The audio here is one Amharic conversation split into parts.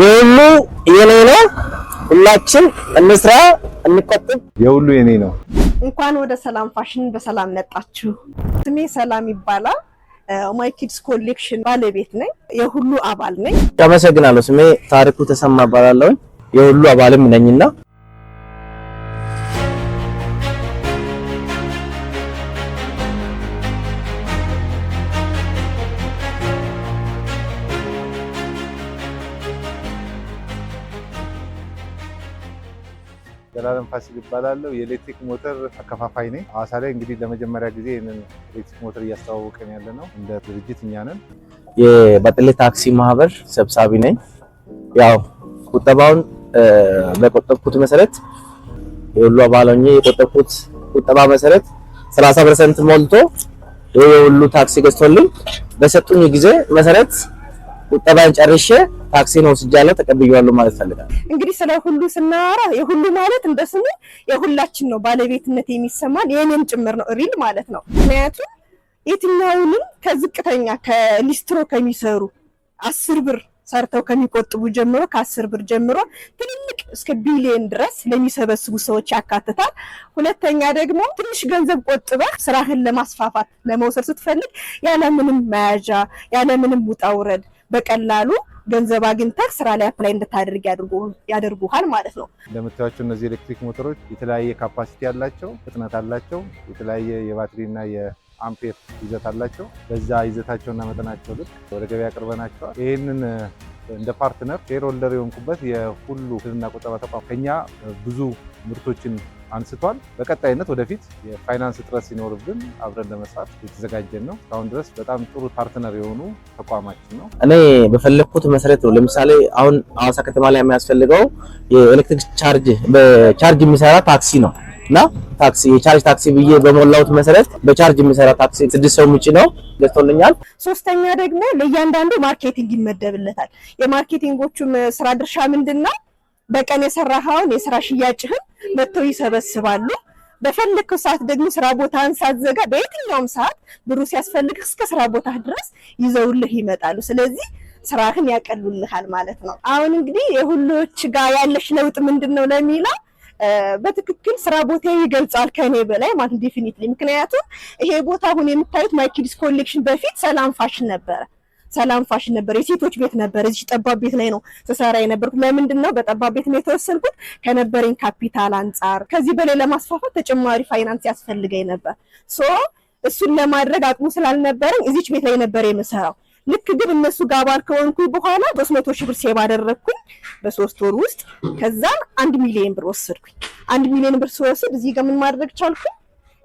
የሁሉ የኔ ነው። ሁላችን እንስራ፣ እንቆጥብ። የሁሉ የኔ ነው። እንኳን ወደ ሰላም ፋሽን በሰላም መጣችሁ። ስሜ ሰላም ይባላል። ማይ ኪድስ ኮሌክሽን ባለቤት ነኝ። የሁሉ አባል ነኝ። አመሰግናለሁ። ስሜ ታሪኩ ተሰማ እባላለሁ። የሁሉ አባልም ነኝና ዘላለም ፋሲል ይባላለሁ። የኤሌክትሪክ ሞተር አከፋፋይ ነኝ። ሐዋሳ ላይ እንግዲህ ለመጀመሪያ ጊዜ ይህንን ኤሌክትሪክ ሞተር እያስተዋወቀን ያለ ነው እንደ ድርጅት እኛ ነን። የባጤሌ ታክሲ ማህበር ሰብሳቢ ነኝ። ያው ቁጠባውን በቆጠብኩት መሰረት የሁሉ አባል የቆጠብኩት ቁጠባ መሰረት 30 ፐርሰንት ሞልቶ የሁሉ ታክሲ ገዝቶልኝ በሰጡኝ ጊዜ መሰረት ቁጠባን ጨርሼ ታክሲን ወስጃለሁ ተቀብያለሁ ማለት ፈልጋለሁ። እንግዲህ ስለ ሁሉ ስናወራ የሁሉ ማለት እንደ ስሙ የሁላችን ነው፣ ባለቤትነት የሚሰማን የእኔም ጭምር ነው ሪል ማለት ነው። ምክንያቱም የትኛውንም ከዝቅተኛ ከሊስትሮ ከሚሰሩ አስር ብር ሰርተው ከሚቆጥቡ ጀምሮ ከአስር ብር ጀምሮ ትልልቅ እስከ ቢሊየን ድረስ ለሚሰበስቡ ሰዎች ያካትታል። ሁለተኛ ደግሞ ትንሽ ገንዘብ ቆጥበህ ስራህን ለማስፋፋት ለመውሰድ ስትፈልግ ያለምንም መያዣ ያለምንም ውጣ ውረድ በቀላሉ ገንዘብ አግኝተህ ስራ ላይ አፕላይ እንድታደርግ ያደርጉሃል ማለት ነው። እንደምታዩቸው እነዚህ ኤሌክትሪክ ሞተሮች የተለያየ ካፓሲቲ ያላቸው፣ ፍጥነት አላቸው፣ የተለያየ የባትሪና የአምፔር ይዘት አላቸው። በዛ ይዘታቸውና መጠናቸው ልክ ወደ ገበያ አቅርበናቸዋል። ይህንን እንደ ፓርትነር ሼር ሆልደር የሆንኩበት የሁሉ ብድርና ቁጠባ ተቋም ከኛ ብዙ ምርቶችን አንስቷል። በቀጣይነት ወደፊት የፋይናንስ እጥረት ሲኖርብን አብረን ለመስራት የተዘጋጀን ነው። እስካሁን ድረስ በጣም ጥሩ ፓርትነር የሆኑ ተቋማችን ነው። እኔ በፈለግኩት መሰረት ነው። ለምሳሌ አሁን ሐዋሳ ከተማ ላይ የሚያስፈልገው የኤሌክትሪክ ቻርጅ በቻርጅ የሚሰራ ታክሲ ነው እና ታክሲ የቻርጅ ታክሲ ብዬ በሞላሁት መሰረት በቻርጅ የሚሰራ ታክሲ ስድስት ሰው ምጭ ነው ገዝቶልኛል። ሶስተኛ ደግሞ ለእያንዳንዱ ማርኬቲንግ ይመደብለታል። የማርኬቲንጎቹም ስራ ድርሻ ምንድን ነው? በቀን የሰራኸውን የስራ ሽያጭህን መጥተው ይሰበስባሉ። በፈለግከው ሰዓት ደግሞ ስራ ቦታህን ሳትዘጋ በየትኛውም ሰዓት ብሩ ሲያስፈልግ እስከ ስራ ቦታህ ድረስ ይዘውልህ ይመጣሉ። ስለዚህ ስራህን ያቀሉልሃል ማለት ነው። አሁን እንግዲህ የሁሎች ጋር ያለሽ ለውጥ ምንድን ነው ለሚለው በትክክል ስራ ቦታ ይገልጻል ከኔ በላይ ማለት ዴፊኒትሊ። ምክንያቱም ይሄ ቦታ አሁን የምታዩት ማይኪዲስ ኮሌክሽን በፊት ሰላም ፋሽን ነበረ። ሰላም ፋሽን ነበር፣ የሴቶች ቤት ነበር። እዚህ ጠባብ ቤት ላይ ነው ስሰራ የነበርኩት። ለምንድን ነው በጠባብ ቤት ነው የተወሰንኩት? ከነበረኝ ካፒታል አንጻር ከዚህ በላይ ለማስፋፋት ተጨማሪ ፋይናንስ ያስፈልገኝ ነበር። ሶ እሱን ለማድረግ አቅሙ ስላልነበረኝ እዚች ቤት ላይ ነበር የምሰራው። ልክ ግን እነሱ ጋር አባል ከሆንኩ በኋላ ሶስት መቶ ሺህ ብር ሴብ አደረግኩኝ በሶስት ወር ውስጥ። ከዛን አንድ ሚሊዮን ብር ወሰድኩኝ። አንድ ሚሊዮን ብር ስወስድ እዚህ ጋር ምን ማድረግ ቻልኩኝ?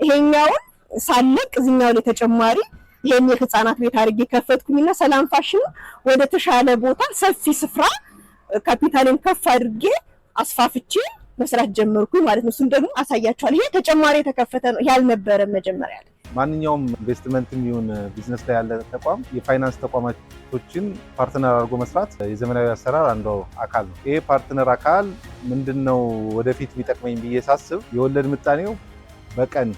ይሄኛውን ሳለቅ እዚህኛው ላይ ተጨማሪ ይህን የህፃናት ቤት አድርጌ ከፈትኩኝና ሰላም ፋሽን ወደ ተሻለ ቦታ ሰፊ ስፍራ ካፒታሌን ከፍ አድርጌ አስፋፍቼ መስራት ጀመርኩኝ ማለት ነው። እሱም ደግሞ አሳያቸዋል። ይሄ ተጨማሪ የተከፈተ ነው ያልነበረ መጀመሪያ ላይ። ማንኛውም ኢንቨስትመንትም ይሁን ቢዝነስ ላይ ያለ ተቋም የፋይናንስ ተቋማቶችን ፓርትነር አድርጎ መስራት የዘመናዊ አሰራር አንዱ አካል ነው። ይሄ ፓርትነር አካል ምንድን ነው ወደፊት ቢጠቅመኝ ብዬ ሳስብ የወለድ ምጣኔው በቀን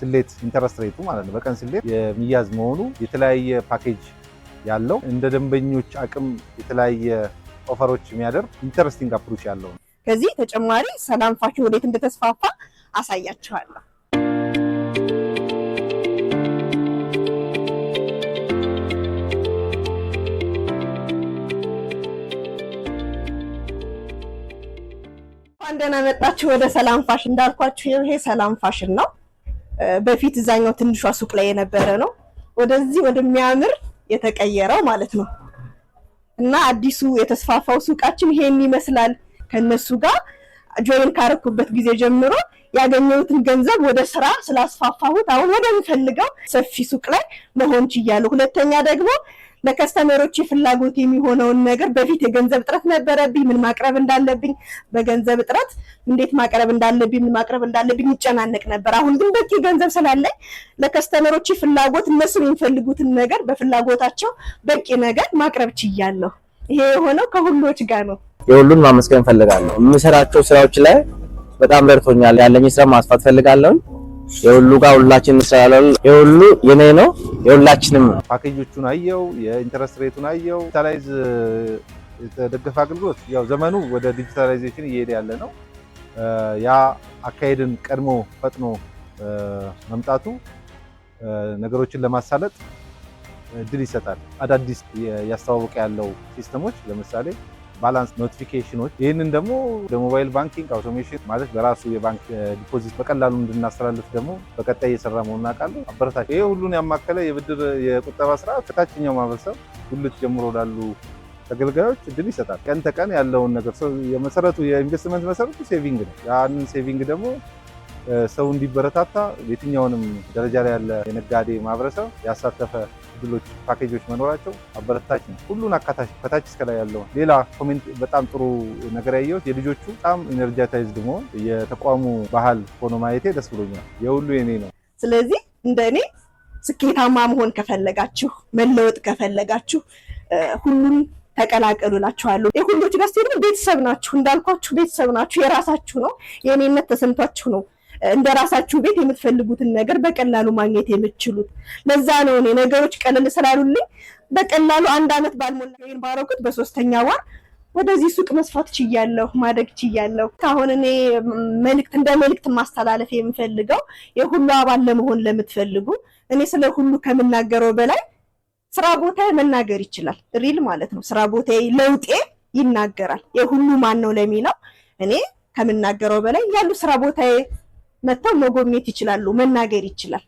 ስሌት ኢንተረስት ሬቱ ማለት ነው በቀን ስሌት የሚያዝ መሆኑ የተለያየ ፓኬጅ ያለው እንደ ደንበኞች አቅም የተለያየ ኦፈሮች የሚያደርግ ኢንተረስቲንግ አፕሮች ያለው ነው። ከዚህ ተጨማሪ ሰላም ፋሽን ወዴት እንደተስፋፋ አሳያችኋለሁ። እንኳን ደህና መጣችሁ ወደ ሰላም ፋሽን። እንዳልኳችሁ ይሄ ሰላም ፋሽን ነው። በፊት እዛኛው ትንሿ ሱቅ ላይ የነበረ ነው ወደዚህ ወደሚያምር የተቀየረው ማለት ነው። እና አዲሱ የተስፋፋው ሱቃችን ይሄን ይመስላል። ከነሱ ጋር ጆይን ካረኩበት ጊዜ ጀምሮ ያገኘሁትን ገንዘብ ወደ ስራ ስላስፋፋሁት አሁን ወደምፈልገው ሰፊ ሱቅ ላይ መሆን ችያለሁ። ሁለተኛ ደግሞ ለከስተመሮች ፍላጎት የሚሆነውን ነገር በፊት የገንዘብ እጥረት ነበረብኝ፣ ምን ማቅረብ እንዳለብኝ በገንዘብ እጥረት እንዴት ማቅረብ እንዳለብኝ ምን ማቅረብ እንዳለብኝ ይጨናነቅ ነበር። አሁን ግን በቂ ገንዘብ ስላለኝ ለከስተመሮች ፍላጎት እነሱ የሚፈልጉትን ነገር በፍላጎታቸው በቂ ነገር ማቅረብ ችያለሁ። ይሄ የሆነው ከሁሎች ጋር ነው። የሁሉን ማመስገን ፈልጋለሁ። የምሰራቸው ስራዎች ላይ በጣም ረድቶኛል። ያለኝ ስራ ማስፋት ፈልጋለሁ። የሁሉ ጋር ሁላችን እንሰራለን። የሁሉ የኔ ነው። የሁላችንም ነው። ፓኬጆቹን አየው፣ የኢንተረስት ሬቱን አየው። ዲጂታላይዝ የተደገፈ አገልግሎት ያው ዘመኑ ወደ ዲጂታላይዜሽን እየሄደ ያለ ነው። ያ አካሄድን ቀድሞ ፈጥኖ መምጣቱ ነገሮችን ለማሳለጥ እድል ይሰጣል። አዳዲስ እያስተዋወቀ ያለው ሲስተሞች ለምሳሌ ባላንስ ኖቲፊኬሽኖች፣ ይህንን ደግሞ ለሞባይል ባንኪንግ አውቶሜሽን ማለት በራሱ የባንክ ዲፖዚት በቀላሉ እንድናስተላልፍ ደግሞ በቀጣይ እየሰራ መሆኑን አውቃለሁ። አበረታች ይህ ሁሉን ያማከለ የብድር የቁጠባ ስርዓት ከታችኛው ማህበረሰብ ጉልት ጀምሮ ላሉ ተገልጋዮች እድል ይሰጣል። ቀን ተቀን ያለውን ነገር ሰው የመሰረቱ የኢንቨስትመንት መሰረቱ ሴቪንግ ነው። ያንን ሴቪንግ ደግሞ ሰው እንዲበረታታ የትኛውንም ደረጃ ላይ ያለ የነጋዴ ማህበረሰብ ያሳተፈ ድሎች ፓኬጆች መኖራቸው አበረታች ነው። ሁሉን አካታች ከታች እስከ ላይ ያለው ሌላ ኮሜንት በጣም ጥሩ ነገር ያየሁት የልጆቹ በጣም ኢነርጃታይዝ ደግሞ የተቋሙ ባህል ሆኖ ማየቴ ደስ ብሎኛል። የሁሉ የኔ ነው። ስለዚህ እንደ እኔ ስኬታማ መሆን ከፈለጋችሁ መለወጥ ከፈለጋችሁ ሁሉን ተቀላቀሉላችኋለሁ። የሁሉ ዩኒቨርሲቲ ቤተሰብ ናችሁ፣ እንዳልኳችሁ ቤተሰብ ናችሁ። የራሳችሁ ነው። የእኔነት ተሰምቷችሁ ነው እንደ ራሳችሁ ቤት የምትፈልጉትን ነገር በቀላሉ ማግኘት የምችሉት ለዛ ነው እኔ ነገሮች ቀለል ስላሉልኝ በቀላሉ አንድ አመት ባልሞላ ይሄን ባረኩት በሶስተኛ ወር ወደዚህ ሱቅ መስፋት ችያለሁ፣ ማደግ ችያለሁ። አሁን እኔ መልእክት እንደ መልእክት ማስተላለፍ የምፈልገው የሁሉ አባል ለመሆን ለምትፈልጉ እኔ ስለ ሁሉ ከምናገረው በላይ ስራ ቦታ መናገር ይችላል። ሪል ማለት ነው። ስራ ቦታ ለውጤ ይናገራል። የሁሉ ማን ነው ለሚለው እኔ ከምናገረው በላይ ያሉ ስራ ቦታዬ መጥተው መጎብኘት ይችላሉ፣ መናገር ይችላል።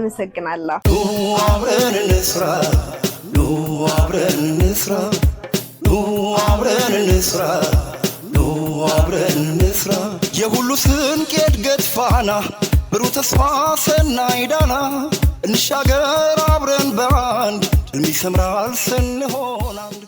አመሰግናለሁ። አብረን እንስራ፣ አብረን እንስራ፣ አብረን እንስራ፣ አብረን እንስራ። የሁሉ ስንቅ የእድገት ፋና ብሩህ ተስፋ ሰናይ ዳና እንሻገር አብረን በአንድ የሚሰምራል ስንሆና